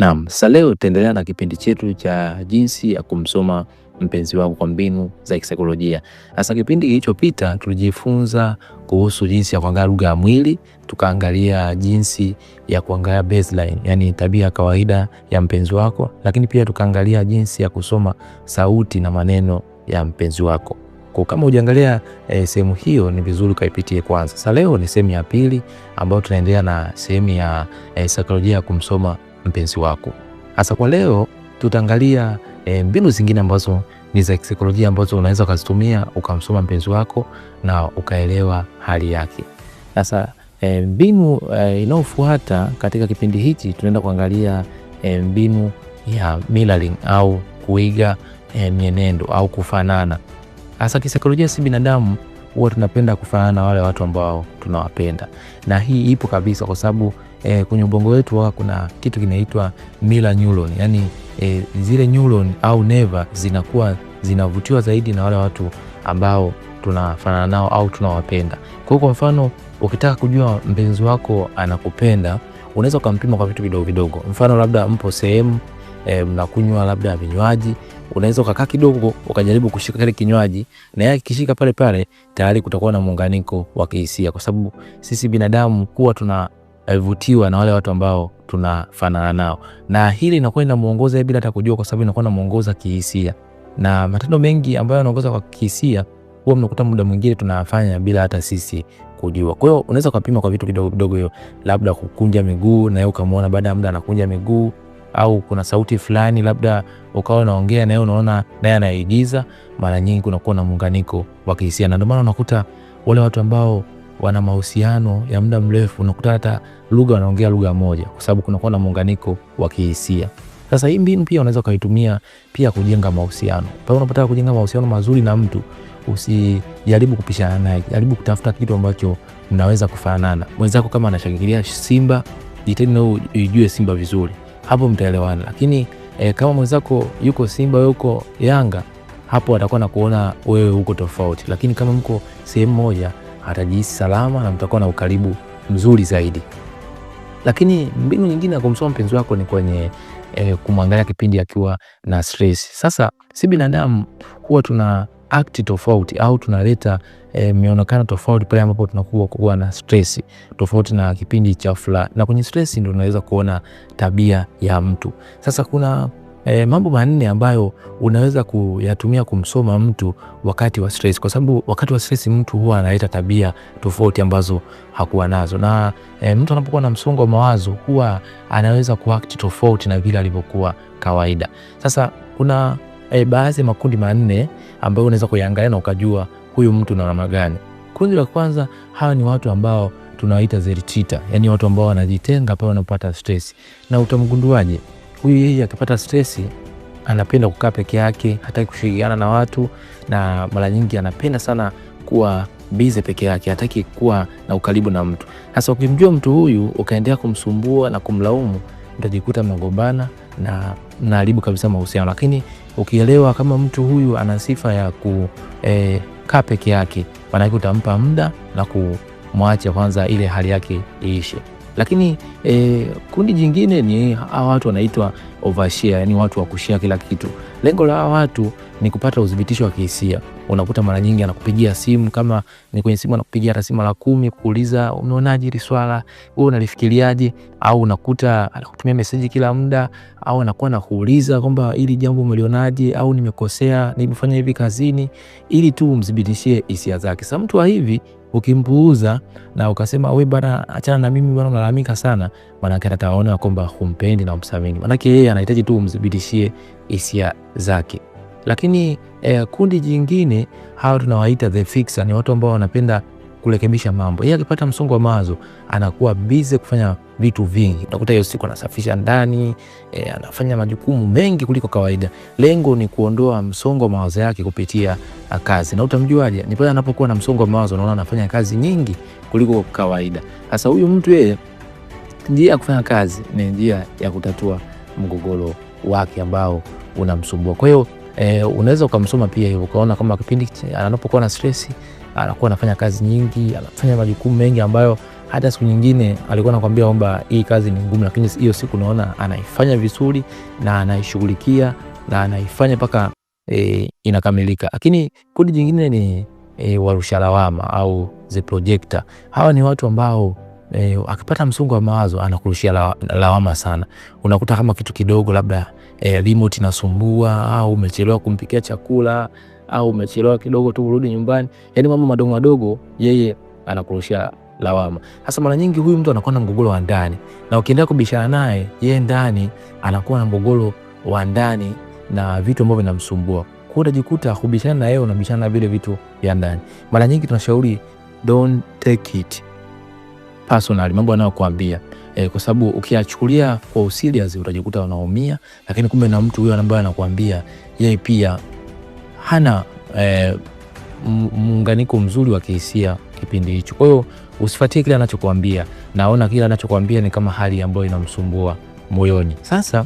Naam, sasa leo tutaendelea na kipindi chetu cha jinsi ya kumsoma mpenzi wako kwa mbinu za kisaikolojia. Sasa kipindi kilichopita tulijifunza kuhusu jinsi ya kuangalia lugha ya mwili, tukaangalia jinsi ya kuangalia baseline, yani tabia ya kawaida ya mpenzi wako, lakini pia tukaangalia jinsi ya kusoma sauti na maneno ya mpenzi wako. Kwa kama hujaangalia e, sehemu hiyo ni vizuri ukaipitie kwanza. Sasa leo ni sehemu ya pili ambayo tunaendelea na sehemu ya e, saikolojia ya kumsoma mpenzi wako. Sasa kwa leo tutaangalia e, mbinu zingine ambazo ni za saikolojia ambazo unaweza ukazitumia ukamsoma mpenzi wako na ukaelewa hali yake. Sasa e, mbinu e, inayofuata katika kipindi hichi tunaenda kuangalia e, mbinu ya mirroring au kuiga e, mienendo au kufanana Hasa kisaikolojia, si binadamu huwa tunapenda kufanana na wale watu ambao tunawapenda, na hii ipo kabisa kwa sababu e, kwenye ubongo wetu huwa kuna kitu kinaitwa mirror neuron, yani e, eh, zile neuron au neva zinakuwa zinavutiwa zaidi na wale watu ambao tunafanana nao au tunawapenda. Kwa hiyo kwa mfano, ukitaka kujua mpenzi wako anakupenda, unaweza ukampima kwa vitu vidogo vidogo, mfano labda mpo sehemu e, mnakunywa labda vinywaji, unaweza ukakaa kidogo ukajaribu kushika kile kinywaji, na yeye akishika pale pale tayari kutakuwa na muunganiko wa kihisia, kwa sababu sisi binadamu huwa tunavutiwa na wale watu ambao tunafanana nao, na hili inakuwa inamuongoza bila hata kujua, kwa sababu inakuwa inamuongoza kihisia, na matendo mengi ambayo yanaongoza kwa kihisia huwa mnakuta muda mwingine tunafanya bila hata sisi kujua. Kwa hiyo unaweza ukapima kwa vitu kidogo kidogo, hiyo labda kukunja miguu, na yeye ukamwona baada ya muda anakunja miguu au kuna sauti fulani labda ukawa unaongea naye, unaona naye anaigiza, mara nyingi kunakuwa na muunganiko wa kihisia, na ndio maana unakuta wale watu ambao wana mahusiano ya muda mrefu unakuta hata lugha wanaongea lugha moja, kwa sababu kunakuwa na muunganiko wa kihisia. Sasa hii mbinu pia unaweza ukaitumia pia kujenga mahusiano. Pale unapotaka kujenga mahusiano mazuri na mtu, usijaribu kupishana naye, jaribu kutafuta kitu ambacho mnaweza kufanana. Mwenzako kama anashangilia Simba, jitahidi na ujue Simba vizuri hapo mtaelewana, lakini e, kama mwenzako yuko Simba yuko Yanga, hapo atakuwa na kuona wewe huko tofauti, lakini kama mko sehemu moja atajihisi salama na mtakuwa na ukaribu mzuri zaidi. Lakini mbinu nyingine ya kumsoma mpenzi wako ni kwenye e, kumwangalia kipindi akiwa na stress. Sasa si binadamu huwa tuna act tofauti au tunaleta e, mionekano tofauti pale ambapo tunakuwa kuwa na stress tofauti na kipindi cha furaha, na kwenye stress ndio unaweza kuona tabia ya mtu. Sasa kuna E, mambo manne ambayo unaweza kuyatumia kumsoma mtu wakati wa stress, kwa sababu wakati wa stress mtu huwa analeta tabia tofauti ambazo hakuwa nazo, na e, mtu anapokuwa na msongo wa mawazo huwa anaweza kuact tofauti na vile alivyokuwa kawaida. Sasa kuna e, baadhi ya makundi manne ambayo unaweza kuyaangalia na ukajua huyu mtu na namna gani. Kundi la kwanza, hawa ni watu ambao tunawaita zelitita, yani watu ambao wanajitenga pale wanapata stress. Na utamgunduaje huyu? Yeye akipata stress anapenda kukaa peke yake, hataki kushirikiana na watu, na mara nyingi anapenda sana kuwa bize peke yake, hataki kuwa na ukaribu na mtu. Sasa ukimjua mtu huyu ukaendelea kumsumbua na kumlaumu, mtajikuta mnagombana na naharibu kabisa mahusiano. Lakini Ukielewa kama mtu huyu ana sifa ya kukaa e, peke yake, maanake utampa muda na kumwacha kwanza ile hali yake iishe. Lakini e, kundi jingine ni hawa watu wanaitwa overshare, yani watu wa kushia kila kitu. Lengo la hawa watu ni kupata udhibitisho wa kihisia unakuta mara nyingi anakupigia simu, kama ni kwenye simu anakupigia hata simu la kumi kuuliza umeonaje hili swala, wewe unalifikiriaje? Au unakuta anakutumia meseji kila muda, au anakuwa anakuuliza kwamba hili jambo umelionaje, au nimekosea nimefanya hivi kazini, ili tu umthibitishie hisia zake. Sasa mtu wa hivi ukimpuuza na ukasema we bana, achana na mimi bana, unalalamika sana, manake ataona kwamba humpendi na humsamini. Manake yeye anahitaji tu umthibitishie hisia zake. Lakini eh, kundi jingine hawa tunawaita the fixer, ni watu ambao wanapenda kurekebisha mambo. Yeye akipata msongo wa mawazo anakuwa busy kufanya vitu vingi. Utakuta hiyo siku anasafisha ndani e, anafanya majukumu mengi kuliko kawaida. Lengo ni kuondoa msongo wa mawazo yake kupitia ah, kazi. Na utamjuaje? Ni pale anapokuwa na msongo wa mawazo, unaona anafanya kazi nyingi kuliko kawaida. Sasa huyu mtu yeye, njia ya kufanya kazi ni njia ya kutatua mgogoro wake ambao unamsumbua. Kwa hiyo E, unaweza ukamsoma pia hivyo ukaona kama kipindi anapokuwa na stress anakuwa anafanya kazi nyingi, anafanya majukumu mengi ambayo hata siku nyingine alikuwa anakwambia kwamba hii kazi ni ngumu, lakini hiyo siku naona anaifanya vizuri na anaishughulikia na anaifanya mpaka e, inakamilika. Lakini kundi jingine ni e, warusha lawama au the projector. Hawa ni watu ambao e, akipata msongo wa mawazo anakurushia lawama sana. Unakuta kama kitu kidogo labda eh, remote inasumbua au umechelewa kumpikia chakula au umechelewa kidogo tu urudi nyumbani, Yani mambo madogo madogo yeye anakurushia lawama. Hasa mara nyingi huyu mtu anakuwa na mgogoro wa ndani, na ukiendelea kubishana naye yeye ndani anakuwa na mgogoro wa ndani na vitu ambavyo vinamsumbua, kwa utajikuta kubishana na yeye unabishana na vile vitu vya ndani. Mara nyingi tunashauri don't take it personal, mambo anayokuambia e, kwa sababu ukiachukulia kwa usirias utajikuta unaumia, lakini kumbe na mtu huyo ambaye anakuambia yeye pia hana e, muunganiko mzuri wa kihisia kipindi hicho. Kwa hiyo usifuatie kile anachokuambia, naona kile anachokuambia ni kama hali ambayo inamsumbua moyoni. Sasa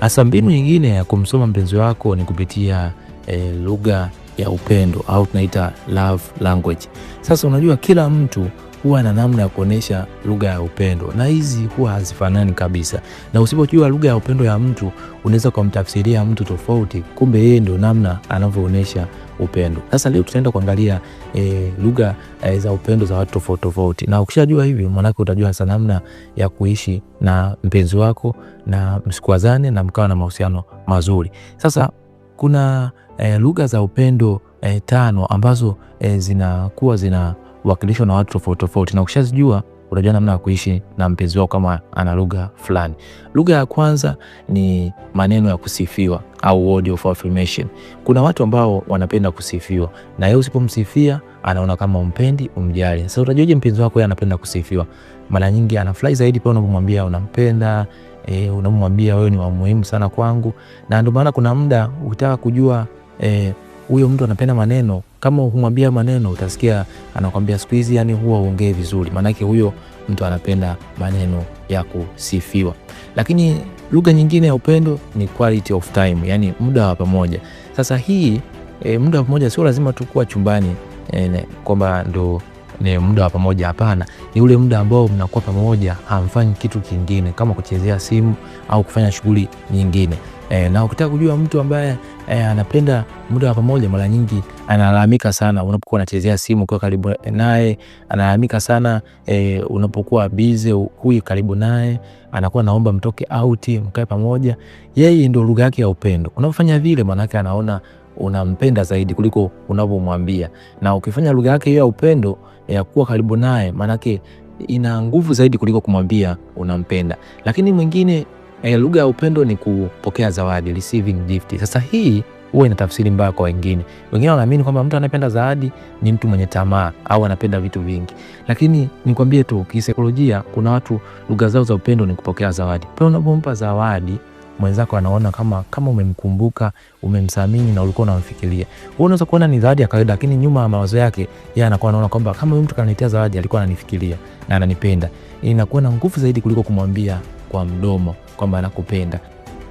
hasa mbinu nyingine ya kumsoma mpenzi wako ni kupitia e, lugha ya upendo au tunaita love language. Sasa unajua kila mtu huwa na namna ya kuonesha lugha ya upendo, na hizi huwa hazifanani kabisa. Na usipojua lugha ya upendo ya mtu, unaweza kumtafsiria mtu tofauti, kumbe yeye ndio namna anavyoonesha upendo. Sasa leo tutaenda kuangalia e, lugha e, za upendo za watu tofauti tofauti, na ukishajua hivi, maanake utajua hasa namna ya kuishi na mpenzi wako na msikwazane na mkawa na mahusiano mazuri. Sasa kuna e, lugha za upendo e, tano ambazo e, zinakuwa zina, kuwa, zina huwakilishwa na watu tofauti tofauti, na ukishazijua unajua namna ya kuishi na mpenzi wako kama ana lugha fulani. Lugha ya kwanza ni maneno ya kusifiwa au word of affirmation. Kuna watu ambao wanapenda kusifiwa, na yeye usipomsifia anaona kama umpendi, umjali. Sasa utajuaje mpenzi wako yeye anapenda kusifiwa? Mara nyingi anafurahi zaidi pale unapomwambia unampenda, e, eh, unamwambia wewe ni wa muhimu sana kwangu, na ndio maana kuna muda ukitaka kujua e, huyo mtu anapenda maneno. Kama humwambia maneno, utasikia anakwambia siku hizi, yani huwa uongee vizuri, maanake huyo mtu anapenda maneno ya kusifiwa. Lakini lugha nyingine ya upendo ni quality of time, yani muda wa pamoja. Sasa hii e, muda wa pamoja sio lazima tu kuwa chumbani e, kwamba ndo ni muda wa pamoja. Hapana, ni ule muda ambao mnakuwa pamoja, hamfanyi kitu kingine kama kuchezea simu au kufanya shughuli nyingine. E, na ukitaka kujua mtu ambaye e, anapenda muda wa pamoja, mara nyingi analalamika sana unapokuwa unachezea simu kwa karibu naye, analalamika sana e, unapokuwa busy huyu karibu naye, anakuwa naomba mtoke out mkae pamoja. Yeye ndio lugha yake ya upendo. Unapofanya vile, manake anaona unampenda zaidi kuliko unavyomwambia, na ukifanya lugha yake hiyo ya upendo ya kuwa karibu naye, manake ina nguvu zaidi kuliko kumwambia unampenda. Lakini mwingine E, lugha ya upendo ni kupokea zawadi, receiving gift. Sasa hii huwa ina tafsiri mbaya kwa wengine. Wengine wanaamini kwamba mtu anayependa zawadi ni mtu mwenye tamaa au anapenda vitu vingi, lakini nikwambie tu kisaikolojia, kuna watu lugha zao za upendo ni kupokea zawadi. Pale unapompa zawadi mwenzako anaona kama kama umemkumbuka, umemsamini na ulikuwa unamfikiria. Wewe unaweza kuona ni zawadi ya kawaida, lakini nyuma ya mawazo yake yeye anakuwa anaona kwamba kama huyu mtu kaniletea zawadi, alikuwa ananifikiria na ananipenda. Inakuwa na nguvu zaidi kuliko kumwambia kwa mdomo kwamba anakupenda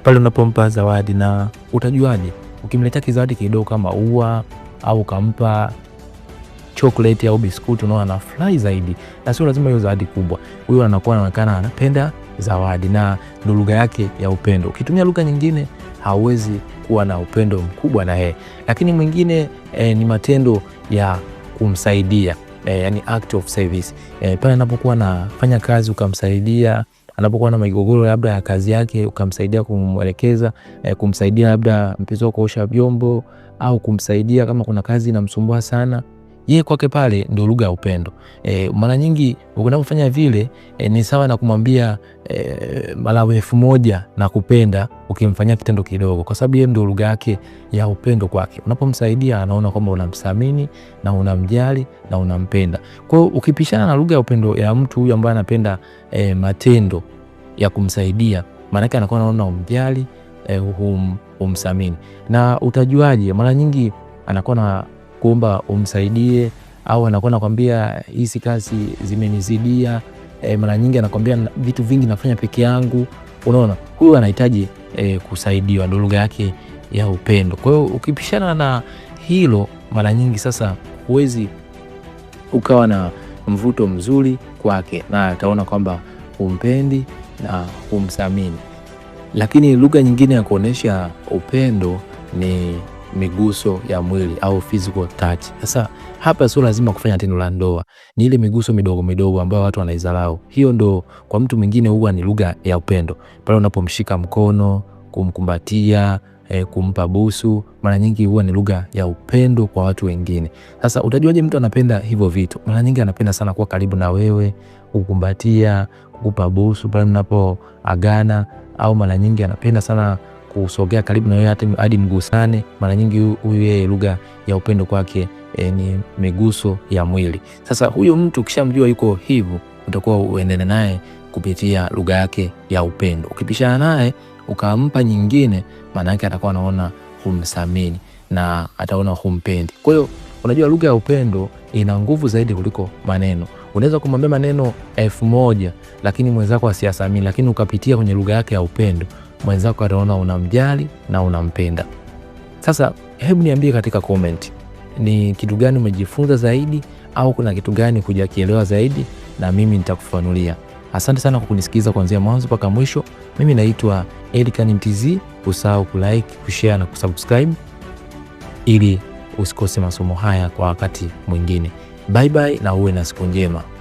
pale unapompa zawadi. Na utajuaje? Ukimletea kizawadi kidogo kama ua au ukampa chokoleti au biskuti, unaona anafurahi zaidi, na sio lazima hiyo zawadi kubwa. Huyo anakuwa anaonekana anapenda zawadi, na ndo lugha yake ya upendo. Ukitumia lugha nyingine hauwezi kuwa na upendo mkubwa na yeye. Lakini mwingine eh, ni matendo ya kumsaidia eh, yani act of service eh, pale anapokuwa anafanya kazi ukamsaidia anapokuwa na migogoro labda ya kazi yake, ukamsaidia kumwelekeza, eh, kumsaidia labda mpenzi kuosha vyombo au kumsaidia kama kuna kazi inamsumbua sana yeye kwake pale ndo lugha ya upendo. E, mara nyingi unapofanya vile e, ni sawa na kumwambia e, Malawi elfu moja na kupenda ukimfanyia kitendo kidogo, kwa sababu yeye ndo lugha yake ya upendo kwake. Unapomsaidia anaona kwamba unamthamini na unamjali na unampenda. Kwa hiyo ukipishana na lugha ya upendo ya mtu huyu ambaye anapenda e, matendo ya kumsaidia, maanake anakuwa anaona umjali e, hum, umthamini. Na utajuaje? Mara nyingi anakuwa na kuomba umsaidie au anakuwa nakwambia hizi kazi zimenizidia. E, mara nyingi anakwambia vitu vingi nafanya peke yangu. Unaona, huyu anahitaji e, kusaidiwa, ndo lugha yake ya upendo. Kwa hiyo ukipishana na hilo mara nyingi sasa, huwezi ukawa na mvuto mzuri kwake na ataona kwamba umpendi na humthamini. Lakini lugha nyingine ya kuonyesha upendo ni miguso ya mwili au physical touch. Sasa hapa sio lazima kufanya tendo la ndoa, ni ile miguso midogo midogo ambayo watu wanaidharau. Hiyo ndo kwa mtu mwingine huwa ni lugha ya upendo, pale unapomshika mkono, kumkumbatia E, kumpa busu mara nyingi huwa ni lugha ya upendo kwa watu wengine. Sasa utajuaje mtu anapenda hivyo vitu? Mara nyingi anapenda sana kuwa karibu na wewe, kukumbatia, kukupa busu pale mnapoagana, au mara nyingi anapenda sana kusogea karibu na yeye hata hadi mgusane. Mara nyingi huyu yeye lugha ya upendo kwake e, ni miguso ya mwili. Sasa huyu mtu ukishamjua yuko hivyo, utakuwa uendane naye kupitia lugha yake ya upendo. Ukipishana naye ukampa nyingine, maana yake atakuwa anaona humsamini na ataona humpendi. Kwa hiyo unajua lugha ya upendo ina nguvu zaidi kuliko maneno. Unaweza kumwambia maneno elfu moja lakini mwenzako asiasamini, lakini ukapitia kwenye lugha yake ya upendo mwenzako ataona unamjali na unampenda. Sasa hebu niambie katika comment, ni kitu gani umejifunza zaidi au kuna kitu gani hujakielewa zaidi, na mimi nitakufanulia Asante sana kwa kunisikiliza kuanzia mwanzo mpaka mwisho. Mimi naitwa Elikhan Mtz. Usahau kulike, kushare na kusubscribe ili usikose masomo haya kwa wakati mwingine. Bye bye na uwe na siku njema.